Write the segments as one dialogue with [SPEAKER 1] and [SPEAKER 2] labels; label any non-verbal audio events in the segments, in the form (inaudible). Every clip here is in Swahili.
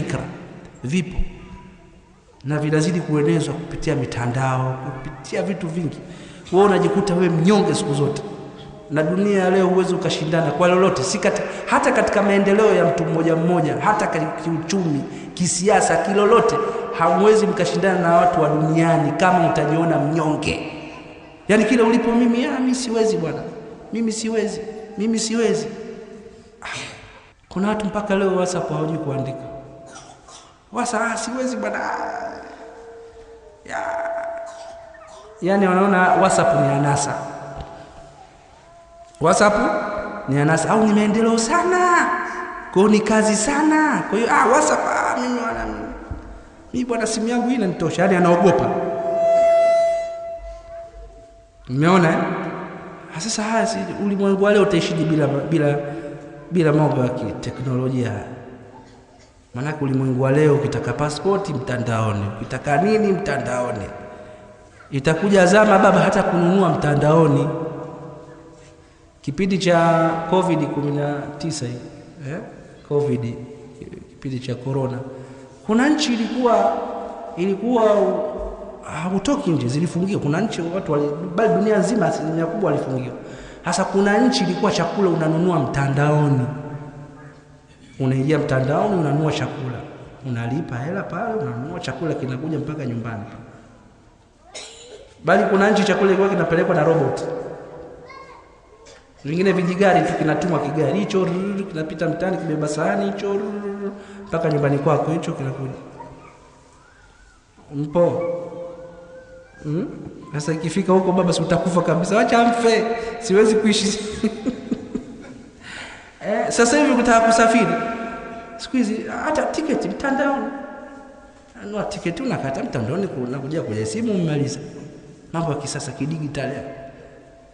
[SPEAKER 1] fikra vipo na vinazidi kuenezwa kupitia mitandao, kupitia vitu vingi. Wewe unajikuta wewe mnyonge siku zote, na dunia leo huwezi ukashindana kwa lolote, si kati, hata katika maendeleo ya mtu mmoja mmoja, hata kiuchumi, kisiasa, kilolote, hamwezi mkashindana na watu wa duniani kama utajiona mnyonge. Yani kila ulipo, mimi ah, mimi siwezi bwana, mimi siwezi, mimi siwezi. Ah. Kuna watu mpaka leo WhatsApp hawajui kuandika wasa siwezi bwana ya. Yani wanaona WhatsApp ni anasa, WhatsApp ni anasa au ni maendeleo sana, kwa ni kazi sana. Kwa hiyo ah, WhatsApp ah, mimi wana mimi bwana simu yangu hii inanitosha, yani anaogopa. Mmeona eh? ah, sasa, haya ulimwengu wa leo bila bila bila mambo ya kiteknolojia haya? Maanake ulimwengu wa leo, ukitaka pasipoti mtandaoni, ukitaka nini mtandaoni. Itakuja zama baba, hata kununua mtandaoni. Kipindi cha Covid 19 eh? Covid, kipindi cha corona, kuna nchi ilikuwa ilikuwa hautoki nje, zilifungiwa. Kuna nchi watu bali, dunia nzima asilimia kubwa walifungiwa. Hasa kuna nchi ilikuwa chakula unanunua mtandaoni unaingia mtandaoni, unanunua chakula, unalipa hela pale, unanunua chakula kinakuja mpaka nyumbani. Bali kuna nchi chakula kilikuwa kinapelekwa na robot, vingine vijigari tu, kinatumwa kigari hicho, kinapita mtaani, kibeba sahani hicho mpaka nyumbani kwako, hicho kinakuja mpo hmm? sasa hmm? Ikifika huko baba, si utakufa kabisa, wacha mfe, siwezi kuishi. (laughs) Eh, sasa hivi kutaka kusafiri siku hizi hata tiketi mtandaoni, nunua tiketi unakata mtandaoni, nakuja kwenye simu umemaliza. Mambo ya kisasa kidigitali.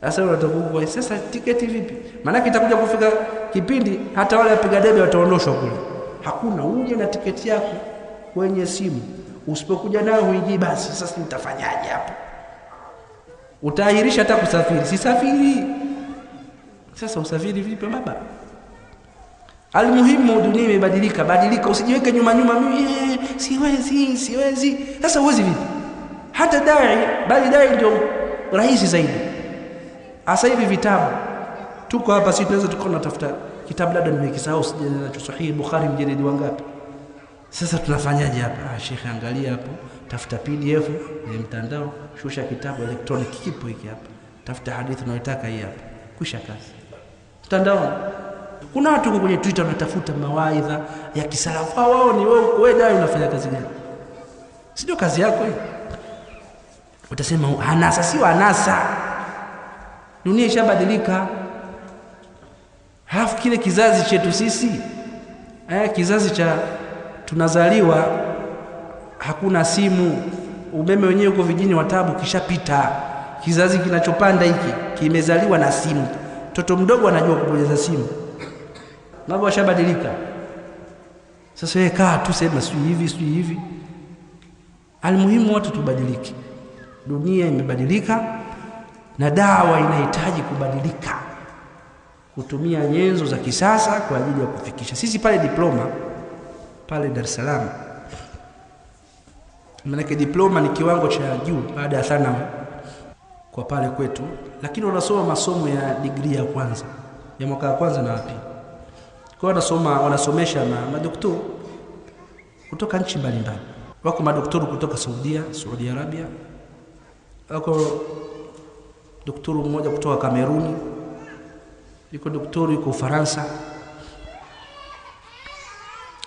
[SPEAKER 1] Sasa unatoka sasa tiketi vipi? Maana itakuja kufika kipindi hata wale wapiga debe wataondoshwa kule. Hakuna uje na tiketi yako kwenye simu, usipokuja nayo huingii. Basi sasa utafanyaje hapo? Utaahirisha hata kusafiri, sisafiri. Sasa usafiri vipi baba? Almuhimu dunia imebadilika, badilika, usijiweke nyuma nyuma, mimi eh, siwezi, siwezi. Sasa uwezi vipi? Hata dai, bali dai ndio rahisi zaidi. Sasa hivi vitabu tuko hapa, si tunaweza tukao natafuta kitabu, labda nimekisahau, sijana nacho sahihi Bukhari, mjeledi wangapi? Sasa tunafanyaje hapa? Ah, shekhe, angalia hapo, tafuta PDF ya mtandao, shusha kitabu electronic, kipo hiki hapa, tafuta hadithi unayotaka hii hapa, kusha kazi mtandao kuna watu huko kwenye Twitter wanatafuta mawaidha ya kisalafu. Wao ni wewe uko wewe unafanya kazi gani? sio kazi yako hiyo? Utasema anasa sio anasa. Dunia ishabadilika. Halafu kile kizazi chetu sisi eh, kizazi cha tunazaliwa hakuna simu, umeme wenyewe uko wa tabu kishapita. Kizazi kinachopanda hiki kimezaliwa na simu. Mtoto mdogo anajua kubonyeza simu mambo yashabadilika. Sasa yeye kaa tu sema sijui hivi sijui hivi. Almuhimu watu tubadilike, dunia imebadilika na dawa inahitaji kubadilika, kutumia nyenzo za kisasa kwa ajili ya kufikisha. Sisi pale diploma pale Dar es Salaam, maanake diploma ni kiwango cha juu baada ya sana kwa pale kwetu, lakini unasoma masomo ya digrii ya kwanza ya mwaka wa kwanza na wa pili kwa wanasoma wanasomesha na madoktori kutoka nchi mbalimbali. Wako madoktori kutoka Saudia, Saudi Arabia. Wako doktori mmoja kutoka Kameruni. Yuko doktori yuko Ufaransa.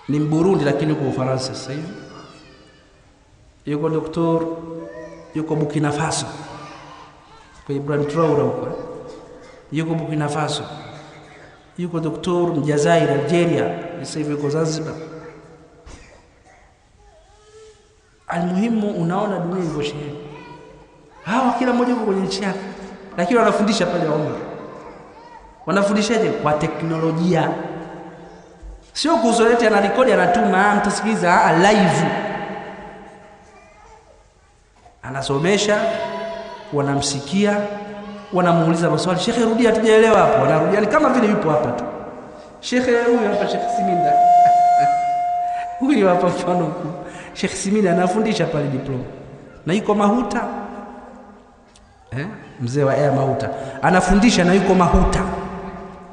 [SPEAKER 1] Ni Burundi lakini yuko Ufaransa sasa hivi. Yuko doktori yuko Burkina Faso. Kwa Ibrahim Traore huko. Eh. Yuko Burkina Faso yuko doktor Mjazair Algeria, sasa hivi yuko Zanzibar. Almuhimu, unaona dunia ilivyosheheni. Hawa kila mmoja yuko kwenye nchi yake, lakini wanafundisha pale Omar. Wanafundishaje? Kwa teknolojia, sio ana Anarekodi, anatuma, ah, mtasikiliza ah, live, anasomesha, wanamsikia wanamuuliza maswali, shekhe, rudi atujaelewa hapo. anarudi yani kama vile yupo hapa tu. Shekhe huyu hapa, Shekhe Siminda (laughs) huyu hapa, mfano Shekhe Siminda anafundisha pale diploma na yuko Mahuta eh? mzee wa ea Mahuta anafundisha na yuko Mahuta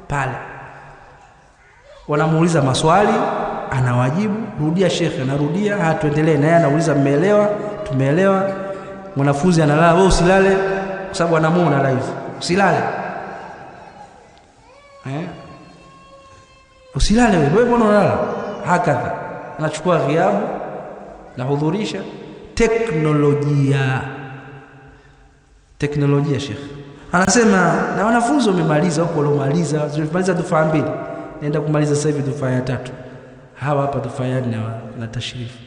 [SPEAKER 1] pale, wanamuuliza maswali anawajibu, rudia shekhe, anarudia Haya, tuendelee naye, anauliza mmeelewa? Tumeelewa. Mwanafunzi analala, wewe usilale kwa sababu anamuona live. Usilale eh, usilale wewe, mbona unalala? Hakadha anachukua ghiabu nahudhurisha. Teknolojia, teknolojia Sheikh anasema na wanafunzi wamemaliza huko, waliomaliza zimemaliza dufaa mbili, naenda kumaliza sasa hivi dufaa ya tatu. Hawa hapa dufaa ya nne na tashrifu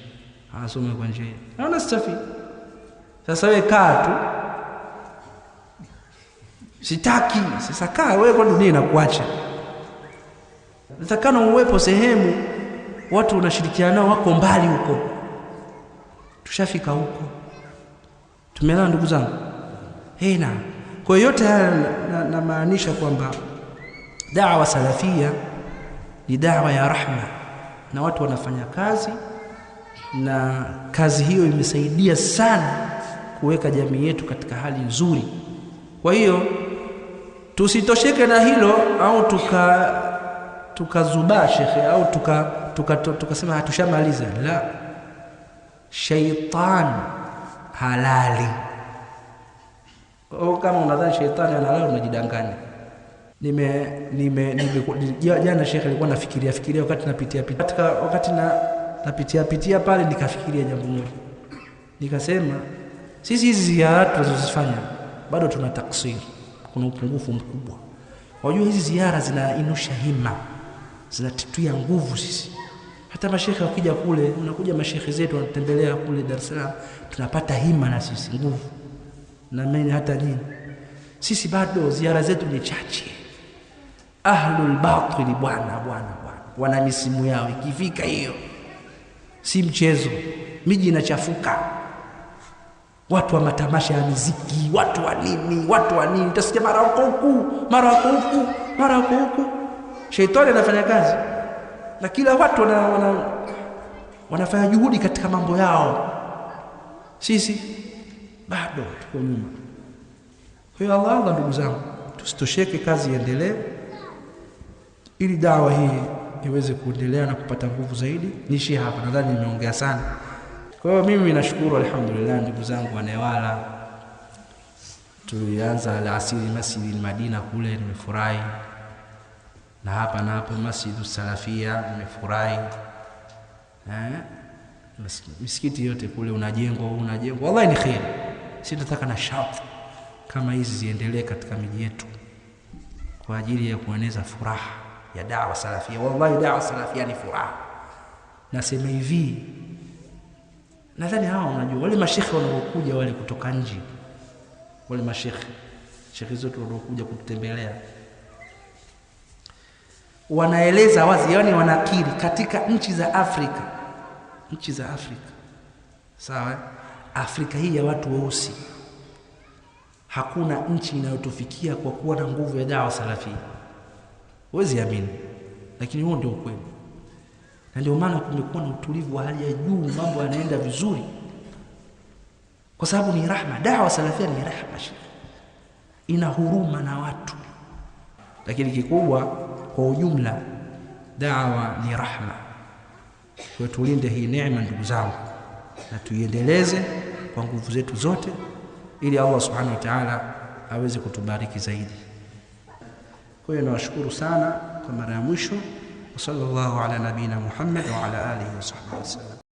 [SPEAKER 1] anasoma kwa njia hii, naona stafi. Sasa wewe kaa tu sitaki. Sasa kaa wewe, kwa dunia inakuacha. Natakana uwepo sehemu watu unashirikiana nao wako mbali huko. Tushafika huko, tumeelewa ndugu zangu? Hey, eh, na kwa yote haya namaanisha na kwamba dawa salafia ni dawa ya rahma, na watu wanafanya kazi na kazi hiyo imesaidia sana kuweka jamii yetu katika hali nzuri. Kwa hiyo Tusitosheke na hilo au tuka tukazubaa shekhe au tukasema tuka, tuka, tuka hatushamaliza. La, shaitan halali. O, oh, kama unadhani shaitani ana halali unajidanganya. Nime nime jana shekhe alikuwa nafikiria fikiria wakati napitia pitia wakati na napitia pitia pale nikafikiria jambo moja, nikasema sisi hizi ziara tunazozifanya bado tuna taksiri kuna upungufu mkubwa. Wajua hizi ziara zinainusha hima, zinatutia nguvu sisi. Hata mashekhe wakija kule, unakuja mashekhe zetu wanatembelea kule Dar es Salaam, tunapata hima na sisi nguvu, na mimi hata nini Sisi bado ziara zetu ni chache. Ahlul bwana bwana bwana, wana misimu yao, ikifika hiyo si mchezo, miji inachafuka watu wa matamasha ya muziki, watu wa nini, watu wa nini. Utasikia mara huko huku, mara huko huku, mara huko huku. Sheitani anafanya kazi na kila watu wana, wana, wanafanya juhudi katika mambo yao, sisi bado tuko nyuma. Kwa hiyo Allah Allah, ndugu zangu, tusitosheke, kazi iendelee ili dawa hii iweze kuendelea na kupata nguvu zaidi. Niishie hapa, nadhani nimeongea sana. Kwa hiyo mimi nashukuru alhamdulillah, ndugu zangu wanewala, tulianza alasiri Masjidi Madina kule, nimefurahi na hapa na hapo Masjidu Salafia nimefurahi eh? Misikiti yote kule unajengwa unajengwa, wallahi ni kheri. Sitataka na shati kama hizi ziendelee katika miji yetu kwa ajili ya kueneza furaha ya dawa salafia. Wallahi dawa salafia ni furaha, nasema hivi Nadhani hawa wanajua wale mashekhe wanaokuja wale kutoka nje, wale mashekhe shekhe zetu wanaokuja kututembelea wanaeleza wazi, yani wanakiri katika nchi za Afrika, nchi za Afrika sawa, eh? Afrika hii ya watu weusi, hakuna nchi inayotufikia kwa kuwa na nguvu ya dawa salafia. Huwezi amini, lakini huo ndio ukweli na ndio maana kumekuwa na utulivu wa hali ya juu, mambo yanaenda vizuri, kwa sababu ni rahma. Dawa salafia ni rahma, ina huruma na watu, lakini kikubwa kwa ujumla, dawa ni rahma. Kwa tulinde hii neema ndugu zangu, na tuiendeleze kwa nguvu zetu zote, ili Allah subhanahu wa ta'ala aweze kutubariki zaidi. Kwa hiyo nawashukuru sana kwa mara ya mwisho. وصلى الله على نبينا محمد وعلى آله وصحبه وسلم